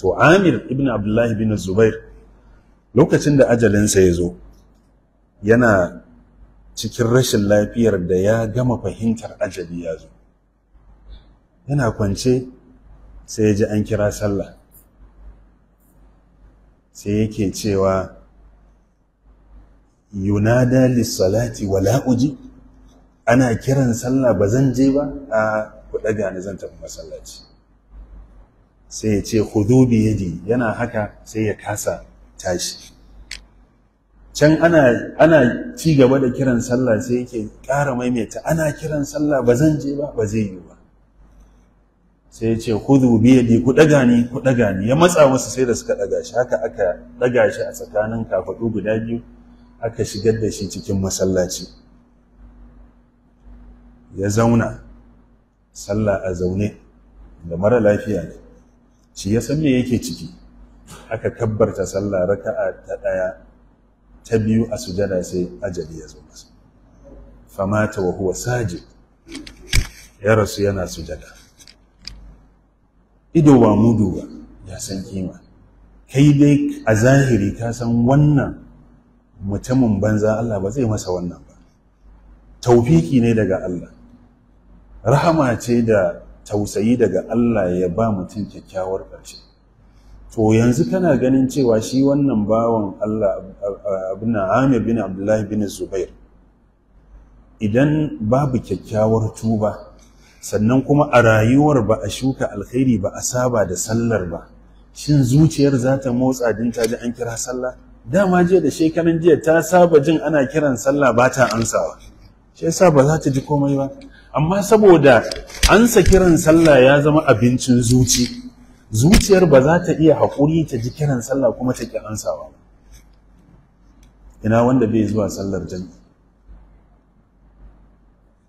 to amir ibn abdullahi bin zubair lokacin da ajalinsa ya zo yana cikin rashin lafiyar da ya gama fahimtar ajali ya zo yana kwance sai ya ji an kira sallah sai yake cewa yunada lissalati wala uji ana kiran sallah ba zan je ba a ku ɗaga ni zan tafi masallaci sai ya ce khudhu yadi yana haka sai ya kasa tashi can ana ci gaba da kiran sallah sai yake ƙara maimaita ana kiran sallah ba zan je ba ba zai yi ba sai ya ce khudhu bi yadi ku daga ni ku daga ni ya matsa musu sai da suka daga shi haka aka daga shi a tsakanin kafaɗu guda biyu aka shigar da shi cikin masallaci ya zauna sallah a zaune da mara lafiya ne shi ya san me yake ciki aka kabbarta sallah raka'a ta daya ta biyu a sujada sai ajali ya zo masa famata wa huwa sajid ya rasu yana sujada ido ba mudu ba ya san kima kai dai a zahiri ka san wannan mutumin banza Allah ba zai masa wannan ba taufiki ne daga Allah rahama ce da tausayi daga Allah ya ba mutum kyakkyawar ƙarshe to yanzu kana ganin cewa shi wannan bawan Allah abin Amir bin Abdullahi bin Zubair idan babu kyakkyawar tuba sannan kuma a rayuwar ba a shuka alkhairi ba a saba da sallar ba shin zuciyar za ta motsa din ta ji an kira sallah dama jiya da shekaran jiya ta saba jin ana kiran sallah ba ta ansawa shi yasa ba za ta ji komai ba amma saboda ansa kiran sallah ya zama abincin zuci zuciyar ba za ta iya haƙuri ta ji kiran sallah kuma ta ƙi ansawa ina wanda bai zuwa sallar jami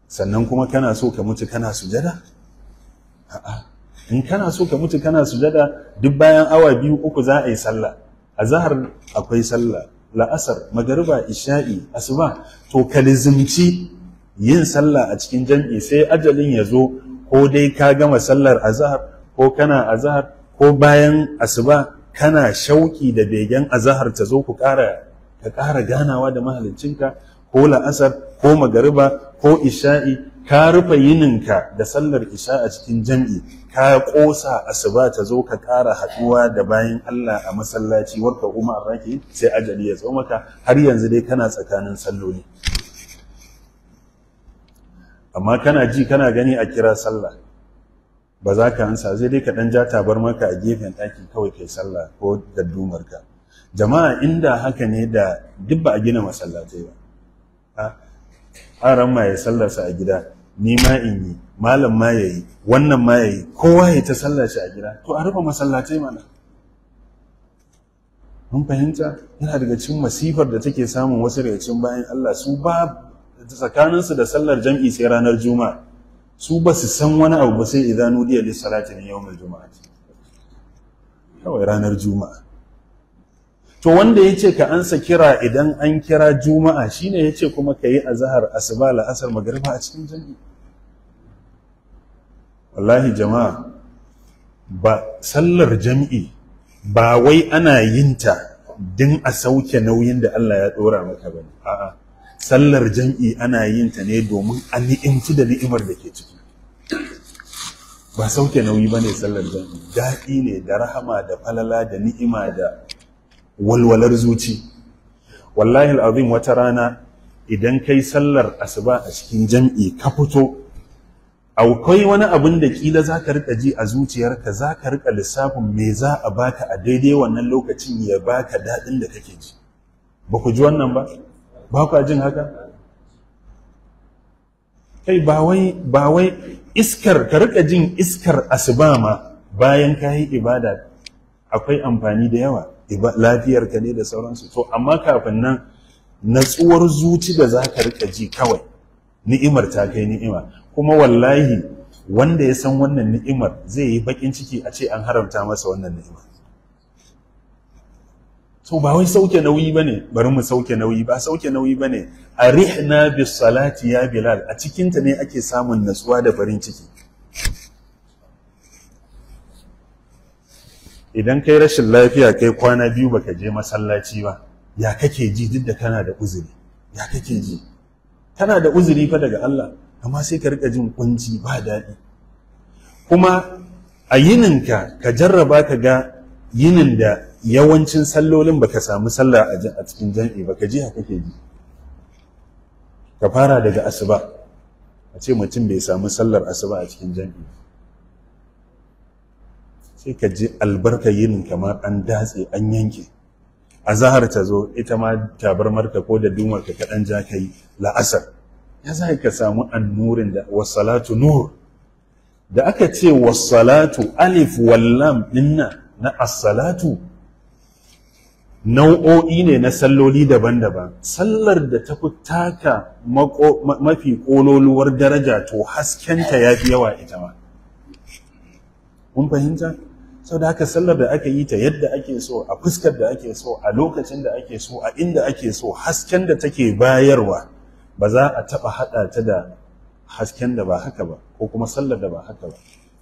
sannan kuma kana so ka mutu kana sujada a'a in kana so ka mutu kana sujada duk bayan awa biyu uku za a yi sallah zahar akwai sallah la'asar magariba isha'i asuba to ka yin sallah a cikin jam'i sai ajalin ya zo ko dai ka gama sallar azahar ko kana azahar ko bayan asuba kana shauki da begen azahar ta zo ku ƙara ka ƙara ganawa da mahaliccinka ko la'asar ko magariba ko isha'i ka rufe yininka da sallar isha a cikin jam'i ka ƙosa asuba ta zo ka ƙara haɗuwa da bayan Allah a masallaci warka kuma arraki sai ajali ya zo maka har yanzu dai kana tsakanin salloli amma kana ji kana gani a kira sallah ba za ka ansa zai dai kaɗan ja tabar maka a gefen ɗaki kawai kai sallah ko daddumarka jama'a inda haka ne da duk ba a gina masallatai ba a ran ma ya sallarsa a gida ni ma in yi malam ma ya yi wannan ma ya yi kowa ya ta sallarsa a gida to a rufe masallatai mana mun fahimta yana daga cikin masifar da take samun wasu rayacin bayan Allah su ba tsakaninsu da sallar jam'i sai ranar juma'a su ba su san wani abu ba sai idan nudiya li salati min juma'a ce kawai ranar juma'a to wanda ya ce ka ansa kira idan an kira juma'a shine ce kuma ka kayi azhar asuba la'asar, asar a cikin jami'i wallahi jama'a ba sallar jam'i ba wai ana yinta din a sauke nauyin da Allah ya dora maka ba. a'a sallar jam'i ana yin ta ne domin a ni'imci da ni'imar da ke ciki ba sauke nauyi ba ne sallar jam'i daɗi ne da rahama da falala da ni'ima da walwalar zuci wallahi al'azim wata rana idan kai sallar asuba a cikin jam'i ka fito akwai wani abin da kila za ka rika ji a zuciyarka za ka rika lissafin me za a baka a daidai wannan lokacin ya baka daɗin da kake ji ba ku ji wannan ba ba ku ajin haka kai ba wai iskar ka rika jin iskar asibama bayan ka yi ibada akwai amfani da yawa lafiyar ka ne da sauransu to amma kafin nan natsuwar zuci da za ka rika ji kawai ni'imar ta kai ni'ima kuma wallahi wanda ya san wannan ni'imar zai yi bakin ciki a ce an haramta masa wannan ni'imar To ba wai sauke nauyi ba ne, bari mu sauke nauyi ba sauke nauyi ba bane a bis salati ya bilal a cikinta ne ake samun natsuwa da farin ciki idan kai rashin lafiya kai kwana biyu baka je masallaci ba ya kake ji duk da kana da uzuri ya kake ji kana da uzuri fa daga Allah amma sai ka rika jin kunci ba daɗi kuma a yininka ka jarraba ka ga yinin da yawancin sallolin baka samu sallah a cikin jam'i baka haka ke ji ka fara daga asuba a ce mutum bai samu sallar asuba a cikin jam'i sai ka ji albarka yin kamar an datse an yanke a zahar ta zo ita ma tabarmarka ko da dumar ka kaɗan ja ka yi la'asar ya za ka samu nurin da wasalatu nur da aka ce wasalatu alif wallam dinna na asalatu nau'o'i ne na salloli daban-daban sallar da ta fi taka mafi ƙololuwar daraja to haskenta ya fi yawa ita ma Kun fahimta sau da haka sallar da aka yi ta yadda ake so a fuskar da ake so a lokacin da ake so a inda ake so hasken da take bayarwa ba za a taɓa haɗa ta da hasken da ba haka ba ko kuma sallar da ba haka ba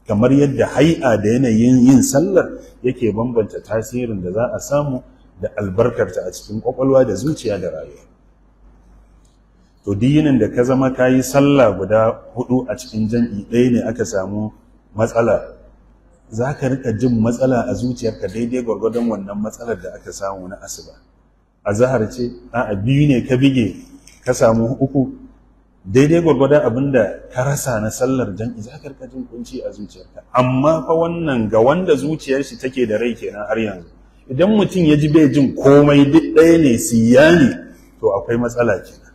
kamar yadda hai'a da yanayin yin sallar yake bambanta tasirin da za a samu da albarkarta a cikin kwakwalwa da zuciya da rayuwa to diyinin da ka zama ka yi sallah guda hudu a cikin jam'i ɗaya ne aka samu matsala za ka rika jin matsala a zuciyarka daidai gwargwadon wannan matsalar da aka samu na asuba a zahar ce a biyu ne ka bige ka samu uku daidai gwargwadon abin da ka rasa na sallar jam'i za ka rika jin kunci a zuciyarka amma fa wannan ga wanda zuciyar shi take da rai kenan har yanzu idan mutum ya ji bai jin komai duk ɗaya ne siya ne to akwai matsala kenan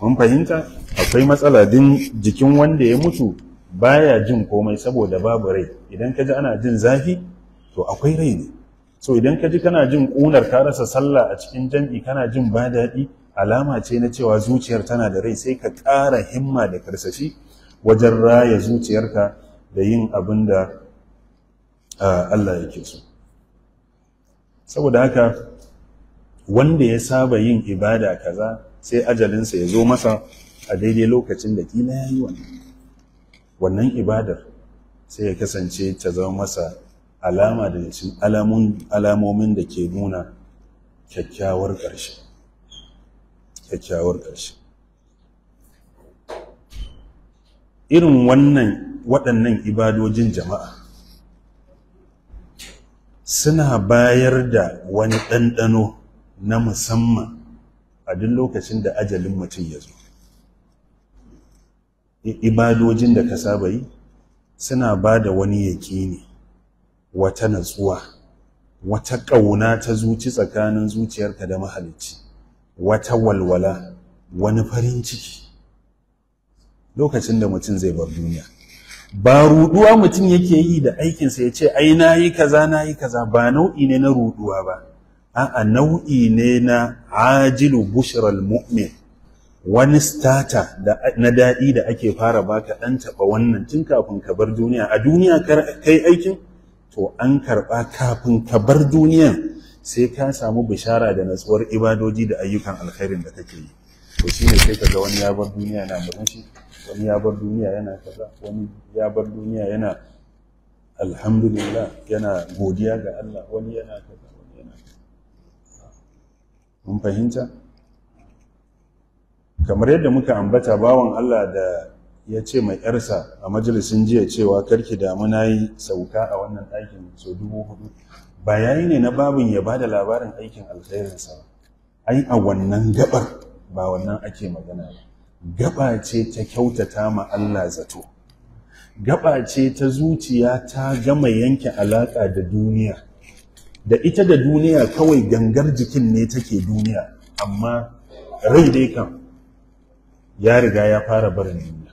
mun fahimta akwai matsala din jikin wanda ya mutu baya jin komai saboda babu rai idan ka ji ana jin zafi to akwai rai ne so idan ka ji kana jin ƙunar ka rasa sallah a cikin jam'i kana jin ba daɗi alama ce na cewa zuciyar tana da rai sai ka ƙara himma da karsashi wajen raya zuciyarka da yin abin da ah, Allah yake so. saboda haka wanda ya saba yin ibada kaza sai ajalinsa ya zo masa a daidai lokacin da kila ya yi wannan wannan ibadar sai ya kasance ta zama masa alama da cin alamomin da ke nuna kyakkyawar ƙarshe kyakkyawar ƙarshe irin wannan waɗannan ibadojin jama'a suna bayar da wani ɗanɗano na musamman a duk lokacin da ajalin mutum ya zo ibadojin da ka saba yi suna ba da wani ne wata natsuwa wata ƙauna ta zuci tsakanin zuciyarka da mahalicci wata walwala wani farin ciki lokacin da mutum zai bar duniya ba ruduwa mutum yake yi da aikinsa ya ce ai na yi kaza na yi kaza ba nau'i ne na ruduwa ba a'a nau'i ne na ajilu bushral mu'min wani stata na daɗi da ake fara baka dan taɓa wannan tun kafin ka bar duniya a duniya kai aikin to an karɓa kafin ka bar duniya sai ka samu bishara da natsuwar ibadoji da ayyukan alkhairin da kake yi to shine sai ka ga wani ya bar duniya na murmushi wani ya bar duniya yana kaza wani ya bar duniya yana alhamdulillah yana godiya ga Allah wani yana kaza wani yana kaza mun fahimta kamar yadda muka ambata bawan Allah da ya ce mai yarsa a majalisin jiya cewa karki damu na yi sauka a wannan ɗakin so dubu hudu ba yayi ne na babin ya ba da labarin aikin alkhairinsa ba ai a wannan gabar ba wannan ake magana ba gaba ce ta kyautata ma Allah zato gaba ce ta zuciya ta gama yanke alaƙa da duniya da ita da duniya kawai gangar jikin ne take duniya amma rai dai kam ya riga ya fara barin duniya